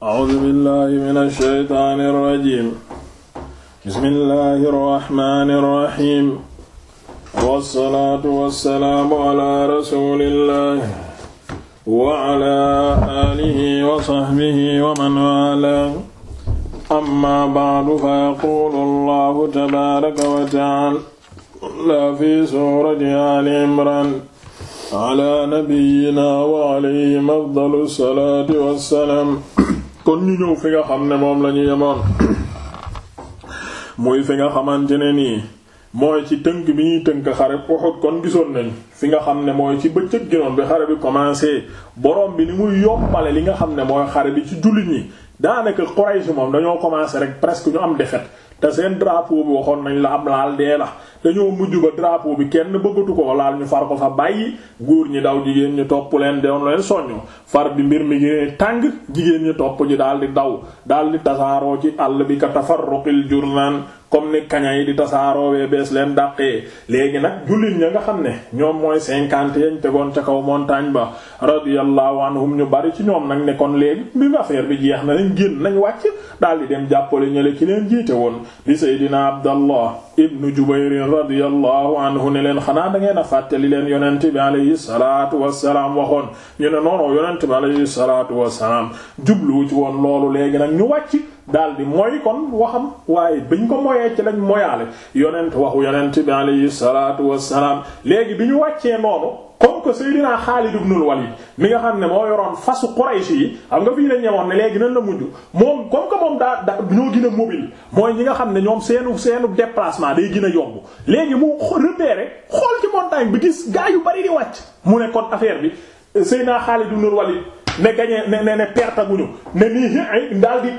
A'uuzu billaahi mina shaytaani rajiim. Bismillaahi rahmaani rahiim. Wassalaatu wassalaamu alaa rasuulillaahi wa alaa aalihi wa sahbihi wa man waalaah. Ammaa ba'du fayaquulu Allaahu tabaaraka wa ta'aalaa fii suurati Aali Imraan alaa nabiyyinaa wa alayhim afdalu salaati wassalaam. kon ñu ñëw fi nga xam ne moom la yemoon muy fi nga xamante ne nii mooy ci tënk bi ñuy tënk xare Uhud kon gisoon nañ fi nga xam ne mooy ci bëccëg gi bi xare bi commencé borom bi ni muy yombale li nga xam ne mooy xare bi ci jullit ñi daanaka Quraysh moom dañoo commencé rek presque ñu am defet te seen drapeau bi waxoon nañ la am laal dee la dañoo mujj ba drapeau bi kenn bëggatu ko laal ñu far ko fa bàyyi góor ñi daw jigéen ñi topp leen doon leen soññu far bi mbir mi gënee tàng jigéen ñi topp ji daal di daw daal di tasaaroo ci àll bi ka tafarruqil jurnan comme ni kaña yi di tasaaroowee bees leen dàqee léegi nag julit ña nga xam ne ñoom mooy cinquante yañ tegoon ca kaw montagne ba radiyallahu anhum ñu bari ci ñoom nag ne kon léegi bi affaire bi jeex na nañ génn nañ wàcc daal di dem jàppale ñële ki leen jiite woon di Seydina Abdallah ibnu Jubayr radiyallahu anhu ne leen xanaa da ngeen a fàttali leen yonent bi alayhi salaatu wassalaam waxoon ñu ne noonu yonent bi alayhi salaatu wassalaam jublu ci woon loolu léegi nag ñu wàcc daal di mooy kon waxam waaye biñ ko moyee ci lañ moyaale yonent waxu yonent bi alayhi salaatu wassalaam léegi bi ñu wàccee noonu comme que Seydina Xaalid ibnul Walid mi nga xam ne moo yoroon fasu Quraysh yi xam nga ne léegi nan la mujj moom comme que moom daa da ñoo ñi nga xam ne ñoom seenu seenu déplacement day gën a yomb léegi mu repéré xool ci montagne bi gis gaa yu bari di wàcc mu ne kon affaire bi naa Seydina Xaalid ibnul Walid ne gagné ne ne ne perte guñu ne nii daal di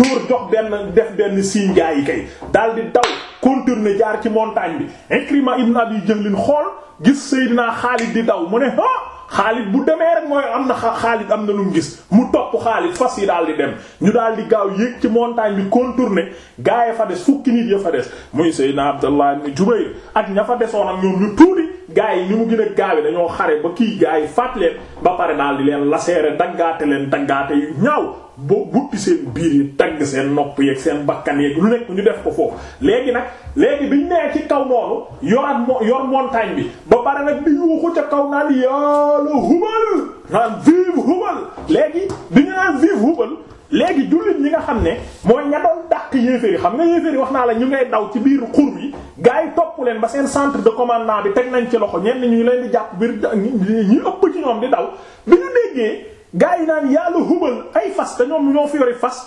dóor jox benn def benn signe gaa yi kay daal di daw contourner jaar ci montagne bi Ikrima ibn Abi Jahlin xool gis naa Xaalid di daw mu ne ah. Xaalid bu demee rek mooy am na Xaalid am na lu mu gis mu topp Xaalid fas yi daal dem ñu daal di gaaw yéeg ci montagne bi contourner gaa ya fa des fukki nit ya fa des muy Seydina Abdallah ibn Jubayr ak ña fa desoon ñoom ñu tuuti gaa yi ni mu gën a gaawe dañoo xare ba kii gaa yi faat leen ba pare daal di leen laseere daggaate leen daggaate yu ñaaw boo butti seen biir yi tagg seen nopp yeeg seen bakkan yeeg lu nekk ñu def ko foofu léegi nag léegi bi ñu nee ci kaw noonu yoraat mo yor montagne bi ba pare nag di yuuxu ca kaw naan yàlla hubal naan vive hubal léegi bi ñu naan vive hubal léegi jullit yi nga xam ne mooy ña doon dàq yéeféer yi xam nga yéeféer yi wax naa la ñu ngay daw ci biir xur yi gars yi topp leen ba seen centre de commandement bi teg nañ ci loxo ñenn ñu leen di jàpp biir ñi ëpp ci ñoom di daw bi ñu déggee gars yi naan yàlla hubal ay fas te ñoom ñoo fi yori fas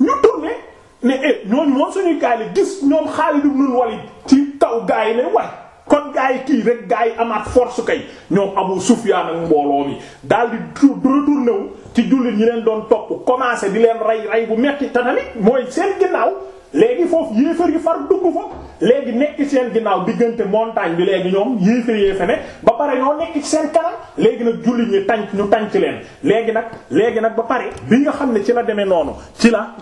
ñu tourné ne e ñooñu moom suñuy gaay la gis ñoom Xaalid ibn Walid ci taw gars yi ne way kon gaa yi kii rek gaa yi amaat force kay ñoom Abu Sufyaan ak mbooloo mi daal di retourné wu ci jullit ñi leen doon topp commencé di leen rey rey bu metti te tamit mooy seen ginnaaw léegi foofu yéefar yi far dugg fa léegi nekk ci seen ginnaaw diggante montagne bi léegi ñoom yéefar yéefe ne ba pare ñoo nekk seen kanam léegi nag jullit ñi tànc ñu ci leen léegi nag léegi nag ba pare bi nga xam ne ci la demee noonu ci la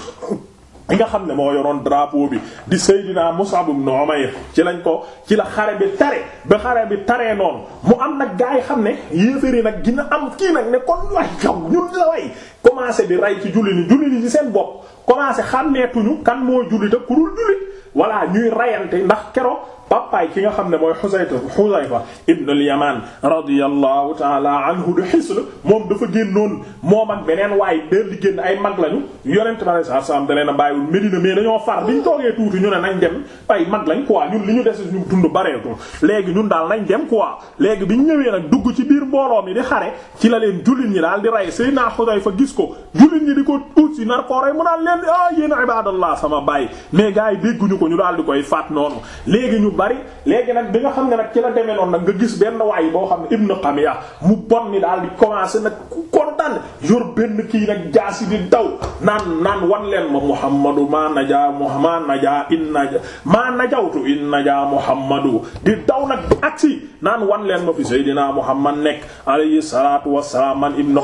li nga xam ne moo yoroon drapeau bi di Seydina Mus'ab ibn Umayr ci lañ ko ci la xare bi tare ba xare bi taree noonu mu am nag gaa xam ne yéeféri nag gina am kii nag ne kon way yow ñun la way commencé di rey ci julli ni julli ni ci seen bopp commencé xàmmeetuñu kan mooy jullit ak ku dul jullit voilà ñuy rayante ndax keroog papaay ki nga xam ne mooy Xusayfa Xusayfa ibn al-Yamaan radiyallahu taala anhu de xisl moom dafa génnoon moom beneen waaye dër di génn ay mag lañu yonent bi alayhi salaam da leen a bàyyiwul Medina mais dañoo far biñ toogee ñu ne nañ dem ay mag lañ quoi ñun li ñu des ñu dund bareetul léegi ñun daal nañ dem quoi léegi biñ ñëwee nag dugg ci biir mbooloo mi di xare ci la leen jullit ñi daal di ray Seydina Xusayfa gis ko jullit ñi di ko ut si nar koo rey mu naan leen ah yéen ibadallah sama baay mais gars yi dégguñu ko ñu daal di koy faat noonu léegi ñu bari léegi nag bi nga xam ne nag ci la demee noon nag nga gis benn waay boo xam ne ibnu Qamiya mu bon ni daal di commencé nag kontaan yor benn kii nag jaasi di daw naan naan wan leen ma Muhammadu maa najaa ma najaa in najaa maa najawtu in najaa Muhammadu di daw nag aksi naan wan leen ma fi Seydina Muhammad nekk alayhi salaatu wassalaam man ibnu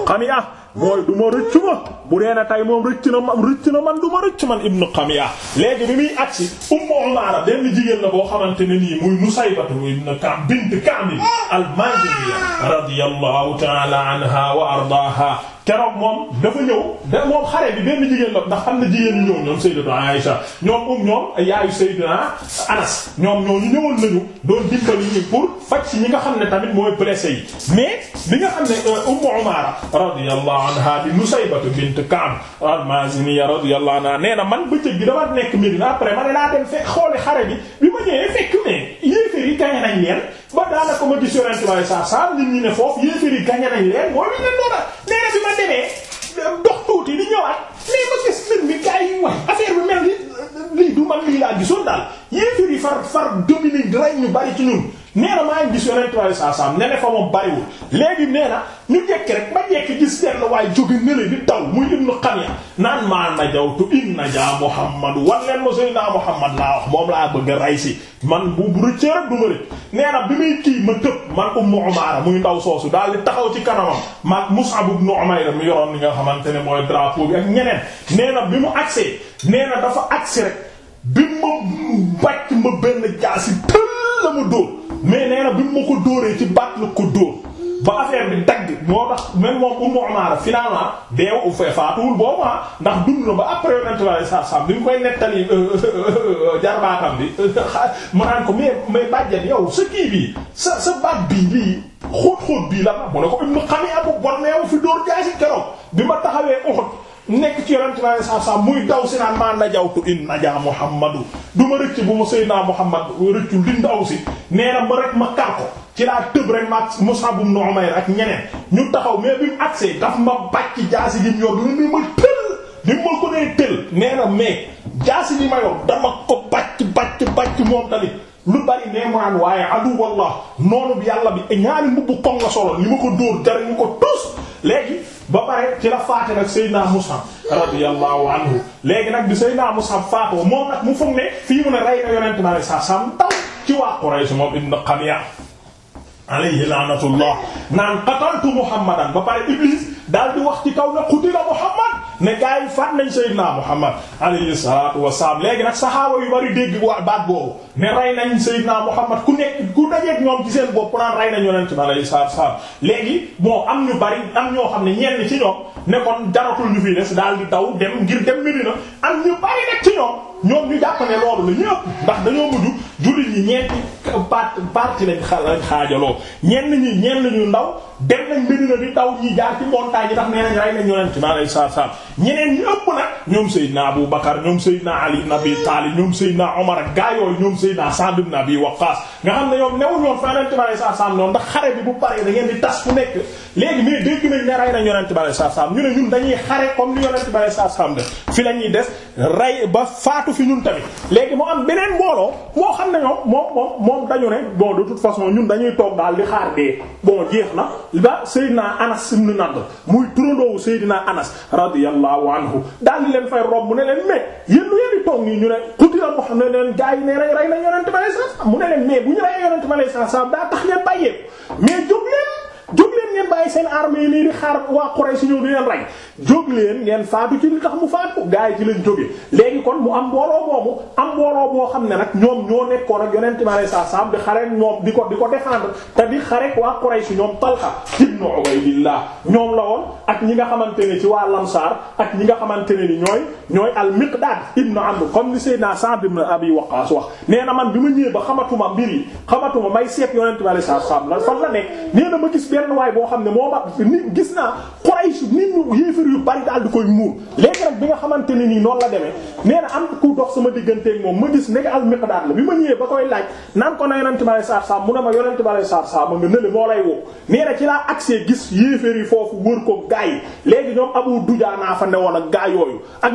mooy du ma rëcc ma bu dee ne tey moom rëcc na man man du ma rëcc man Ibnu Qamiya léegi bi muy agsi Ummu Umaara benn jigéen la boo xamante ne nii muy Musaybatu ibn Kaab bint Kaab al-Maaziniya radiyallahu ta'ala anha wa ardaaha keroog moom dafa ñëw da moom xare bi benn jigéen la ndax xam na jigéen ñu ñëw ñoom Sayyidatu Aisha ñoom um ñoom yaayu Sayyidina Anas ñoom ñooñu ñëwoon nañu doon dimbali ñu faj ci ñi nga xam ne tamit mooy blessé yi mais li nga xam ne euh, Ummu Umara radiyallahu anha di Nusaybatu bint Ka'b al-Maziniya radiyallahu anha nee na man bëccëg bi dama nekk Medina après ma ne laa dem fekk xooli xare bi bi ma ñëwee fekk ne yéefar yi kañ nañ leen ba daanaka ma gis yonent bi saa saa nit ñi ne foofu yéefar yi gañe nañ leen mooy lu leen doon daal nee na bi ma demee dox tuuti di ñëwaat mais ma gis mbir mi gars yi wax affaire bi mel lii du man lii laa gisoon daal yéefar yi far far dominer rey ñu bari ci ñun. nee na maa ngi gis yonent bi saa saam ne ne fa moom bariwul léegi nee na jekki rek ma jekki gis benn waaye jóge nële di taw muy ibnu Qamiya naan maa najawtu in najaa Muhammad wan leen ma Seydina Muhammad laa wax moom laa bëgg a rey si man bu bu rëccee rek du ma rëcc nee bi muy kii ma tëb man Ummu Umaara muy ndaw soosu daal di taxaw ci kanamam maag Mus'ab ibn xamante ne mooy drapeau bi ak bi mu agsee nee na dafa agsi rek bi ma bàcc ma benn jaasi tëll la ma dóor mais nee na bi mu ma ko dóoree ci baat la ko dóor ba affaire bi dagg moo tax même moom Ummu Umaara finalement deewu faatuwul boobu ah ndax dund na ba après yonent bi saa saa bi mu koy nettali euh, euh, euh, jarbaatam bi mu naan ko mais mais bàjjen yow sa kii bii sa sa baat bii bii xóot xóot bii la ma mu ne ko Ummu Xamiya bu bon neewu fi dóor jaay si bi ma taxawee Uhud nekk ci yonent naa saaf saaf muy daw si naan maa najawtu in najaa muhammadu du ma rëcc bu ma sayyidina muhammad rëccul li ndaw si nee na ma rek ma kar ko ci laa tëb rek ma Mus'ab ibn Umayr ak ñeneen ñu taxaw mais bi mu agsee daf ma bàcc jaasi gi mu yor ni ma tël ni ma ko nee tël nee na mais jaasi gi ma yor dama ko bàcc bàcc bàcc moom tamit lu bari nee maan waaye adu wallah noonu bi yàlla bi ñaari mbubb koŋ la solo li ma ko dóor dara ñu ko tus léegi ba pare ci la faate nag Seydina Mus'ab radiyallahu anhu léegi nag bi Seydina Mus'ab faatoo moom nag mu foog ne fii mu ne rey na yonent ma ne sa sam taw ci waa Quraysh moom ibn Qamiya alayhi la'natullah naan qataltu Muhammadan ba pare Iblis daal di wax ci kaw na qutila Muhammad ne gars yi faat nañ Seydina Muhammad alayhi salaatu wasalaam léegi nag saxaaba yu bari dégg waa baat boobu ne rey nañ Seydina Muhammad ku nekk ku dajeeg ñoom ci seen bopp naan rey nañ yonent bi alayhi salaatu wasalaam léegi boo am ñu bari am ñoo xam ne ñenn ci ñoom ne kon jaratul ñu fi des daal di daw dem ngir dem Medina am ñu bari nag ci ñoom ñoom ñu jàpp ne loolu la ñëpp ndax dañoo mujj jullit ñi ñeenti part parti lañ xaajaloo ñenn ñi ñenn ñu ndaw dem nañ Medina di daw ñi jaar ci montagne yi tax nee rey nañ yonent bi alayhi Abu Bakar ñoom Seydina Ali ibn Abi ñoom Seydina Omar ak gaa ñoom Seydina Sa'd ibn Abi Waqqas nga xam ne ñoom newul ñoom fa yonent bi alayhi salaatu salaam xare bi bu paree da ngeen di tas fu nekk léegi mais dégg nañ ne rey nañ yonent bi alayhi salaatu salaam ñu ne ñun dañuy xare comme ni yonent bi alayhi salaatu salaam def fi lañuy des rey ba faatu fi ñun am na ñoom moom moom moom dañu ne bon de toute façon ñun dañuy toog daal di xaar dee bon jeex na ba Seydina Anas ibn Nadr muy turandoowu Seydina Anas radiyallahu anhu daal di leen fay romb ne leen mais yéen lu yéen di toog nii ñu ne qutila Muhammad ne leen gaa ne rey rey na yonent bi alayhi salaam mu ne leen mais bu ñu reyee yonent bi alayhi salaam daa tax ngeen bàyyeeku mais jóg leen leen ngeen bàyyi seen armée nii di xaar waa Quraysh ñëw di leen rey jóg leen ngeen faatu ci li tax mu faatu gaa yi ci leen jóge léegi kon mu am mbooloo moomu am mbooloo moo xam ne nag ñoom ñoo nekkoon ak yonent mi saa saam di xare ñoom di ko ko défendre te di xare waa Quraysh ñoom la woon ak ñi nga xamante ne ci waa Lamsaar ak ñi nga xamante ne ni ñooy ñooy al-Miqdad ibn Amr comme li Seydina Sa'd ibn Abi Waqqas wax nee na man bi ma ñëwee ba xamatuma mbir yi xamatuma may seet yonent mi saa saam la fan la nekk nee ma gis benn waay boo xam ne moo mag ni gis naa Quraysh nit ñu yu bari daal di koy muur léegi nag bi nga xamante ne nii noonu la demee nee na am moom ma gis nekk al la bi ma ma yonente bi alei satu salaam nga nële moo lay woo na ci laa accès gis yéefar yi foofu wër ko gaa yi léegi ñoom Abu Dujaana fa newoon ak gaa yooyu uh,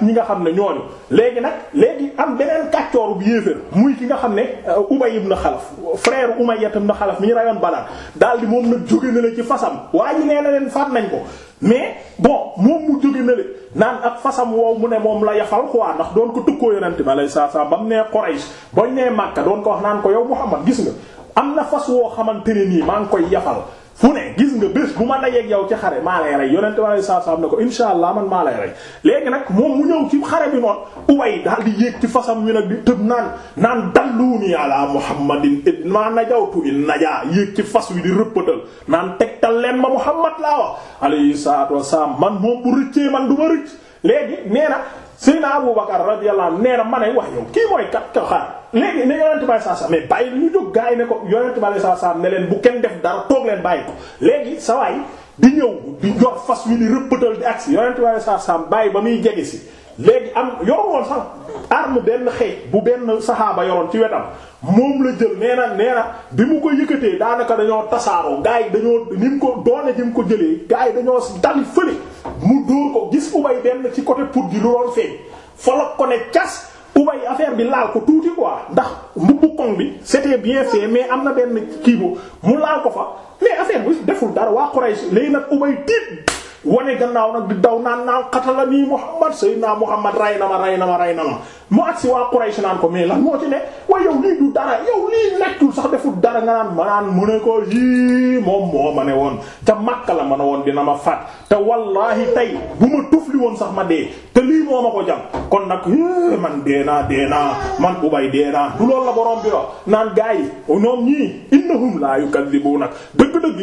ñi nga xam ne ñooñu léegi nag léegi am beneen kàccooru bu yéefar muy ki nga xam ne uh, Ubay ibn Xalaf Xalaf frère Umayya ibn Xalaf mi ñu rayoon Badar daal di moom nag jóge na la ci fasam waa ji nee na leen faat nañ ko mais bon moom mu jóge na le naan ak fasam woow mu ne moom la yafal quoi ndax doon ko tukkoo yonente bi alayhi salaatu salaam ba mu nee Quraysh bañ nee Makka doon ko wax naan ko yow Muhammad gis nga am na fas woo xamante ne nii maa ngi koy yafal fu ne gis nga bés bu ma dajeeg yow ci xare maa rek rey yonent bi saa saa ne ko insha allah man maa lay rey léegi nag moom mu ñëw ci xare bi noonu ubay daal di yéeg ci fasam wi nag di tëb naan naan dalluuni ala muhammadin it maa najawtu in najaa yéeg ci fas wi di rëppatal naan teg tal leen ma muhammad laa wax alayhi salaatu wassalaam man moom bu rëccee man du ma rëcc léegi nee na Seydina Abu Bakar radiyallahu anhu nee na ma ne wax yow kii mooy kat ka xaar léegi ne yonent bi saa saa mais bàyyi ñu jóg gars yi ne ko yonent bi saa leen bu kenn def dara toog leen bàyyi ko sa waay di ñëw di jox fas wi di rëppatal di agsi yonent bi bàyyi ba muy jege si. léegi am yoroon sax arme benn xeej bu benn saxaaba yoroon ci wetam moom la jël nee na bi mu ko yëkkatee daanaka dañoo tasaaroo gars yi dañoo ni mu ko doone ji mu ko jëlee gars dañoo dali fële. mu dóor ko gis ubay benn ci côté put gi lu doon feeñ folog ko ne cas ubay affaire bi laal ko tuuti quoi ndax mbubbu koŋ bi c'était bien fait mais am na benn kii bu mu laal ko fa mais affaire bu deful dara waa Quraysh léegi nag ubay tiit wane gannaaw nag di daw naan naan xatala nii Muhammad sayyidina Muhammad rey na ma na ma rey na ma mu agsi waa Quraysh naan ko mais lan moo ci ne waaye yow lii du dara yow lii laajtul sax deful dara nga ma naan mu ne ko yii ma ne woon te Makka la ma ne woon dina ma faat bu ma tufli woon sax ma dee te lii moo ko jam kon nag eh, man dee naa dee naa man ubay dee naa du la borom bi wax naan gaa yi ñoom ñii innahum la yukadibunak dëgg-dëgg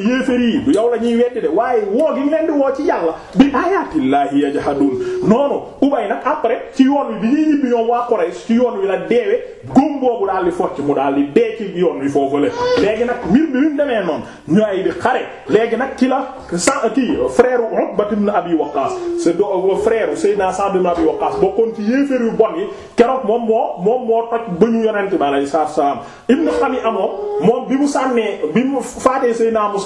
woo gi leen woo ci yàlla bi ayaatillaahi yajhaduun noonu ubay nag après ci yoon wi bi ñuy ñibbi ñoom waa Quraysh ci yoon wi la deewe góom boobu daal focc mu daal di dee ci yoon wi foofu la léegi nag mbir bi mu demee noonu ñu ay di xare léegi nag ci la sa kii frère Uqbat ibn Abi Waqqaas c'est frère Seydina Sa'd ibn Abi Waqqaas bokkoon ci yéeféer yu bon yi keroog moom moo moom moo toj ba ñu yonent bi alayhi salaam ibn Xami'a moom bi mu sànnee bi mu faatee Seydina mu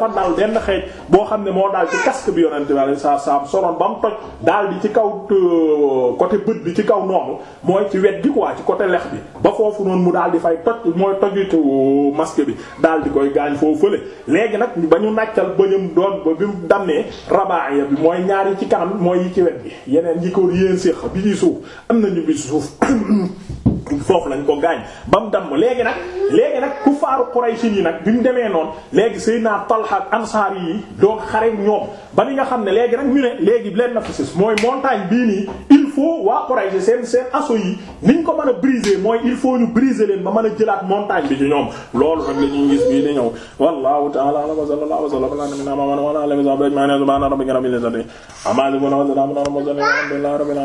dafa dal benn xeej boo xam ne moo daal ci casque bi yonente bi alayhi salaam soloon ba toj daal di ci kaw euh, côté bët bi ci kaw noonu mooy ci wet gi quoi ci côté lex bi ba foofu noonu mu daal di fay toj mooy tojitu masque bi daal di koy gaañ foofu fële léegi nag ba ñu nàccal bañum doon ba bi mu damnee rabaaya bi mooy ñaar ci kanam mooy yi ci wet bi yeneen yi ko yéen séq bi ci suuf am nañu bi suuf foofu lañ ko gaañ ba mu damm léegi nag léegi nag ku faaru Quraysh yi nag bi mu demee noonu léegi Seydina Talha ak ansaar yi doo xare ñoom ba ni nga xam ne léegi nag ñu ne léegi leen na fa sis mooy montagne bii nii il faut waa Quraysh seen seen asso yi niñ ko mën a briser mooy il faut ñu briser leen ba mën a jëlaat montagne bi ci ñoom loolu nag la ñuy gis bii di ñëw wallahu ta'ala wa sallallahu wa sallam ala nabiyyina muhammadin wa ala alihi wa sahbihi ajma'in subhana rabbika rabbil izzati amma yasifun wa salamun